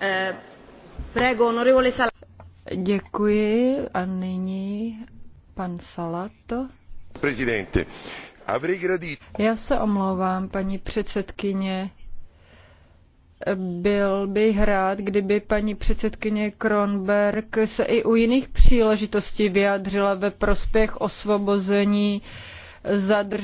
Eh, Děkuji a nyní pan Salato. já se omlouvám, paní předsedkyně. Byl bych rád, kdyby paní předsedkyně Kronberg se i u jiných příležitostí vyjádřila ve prospěch osvobození zadržených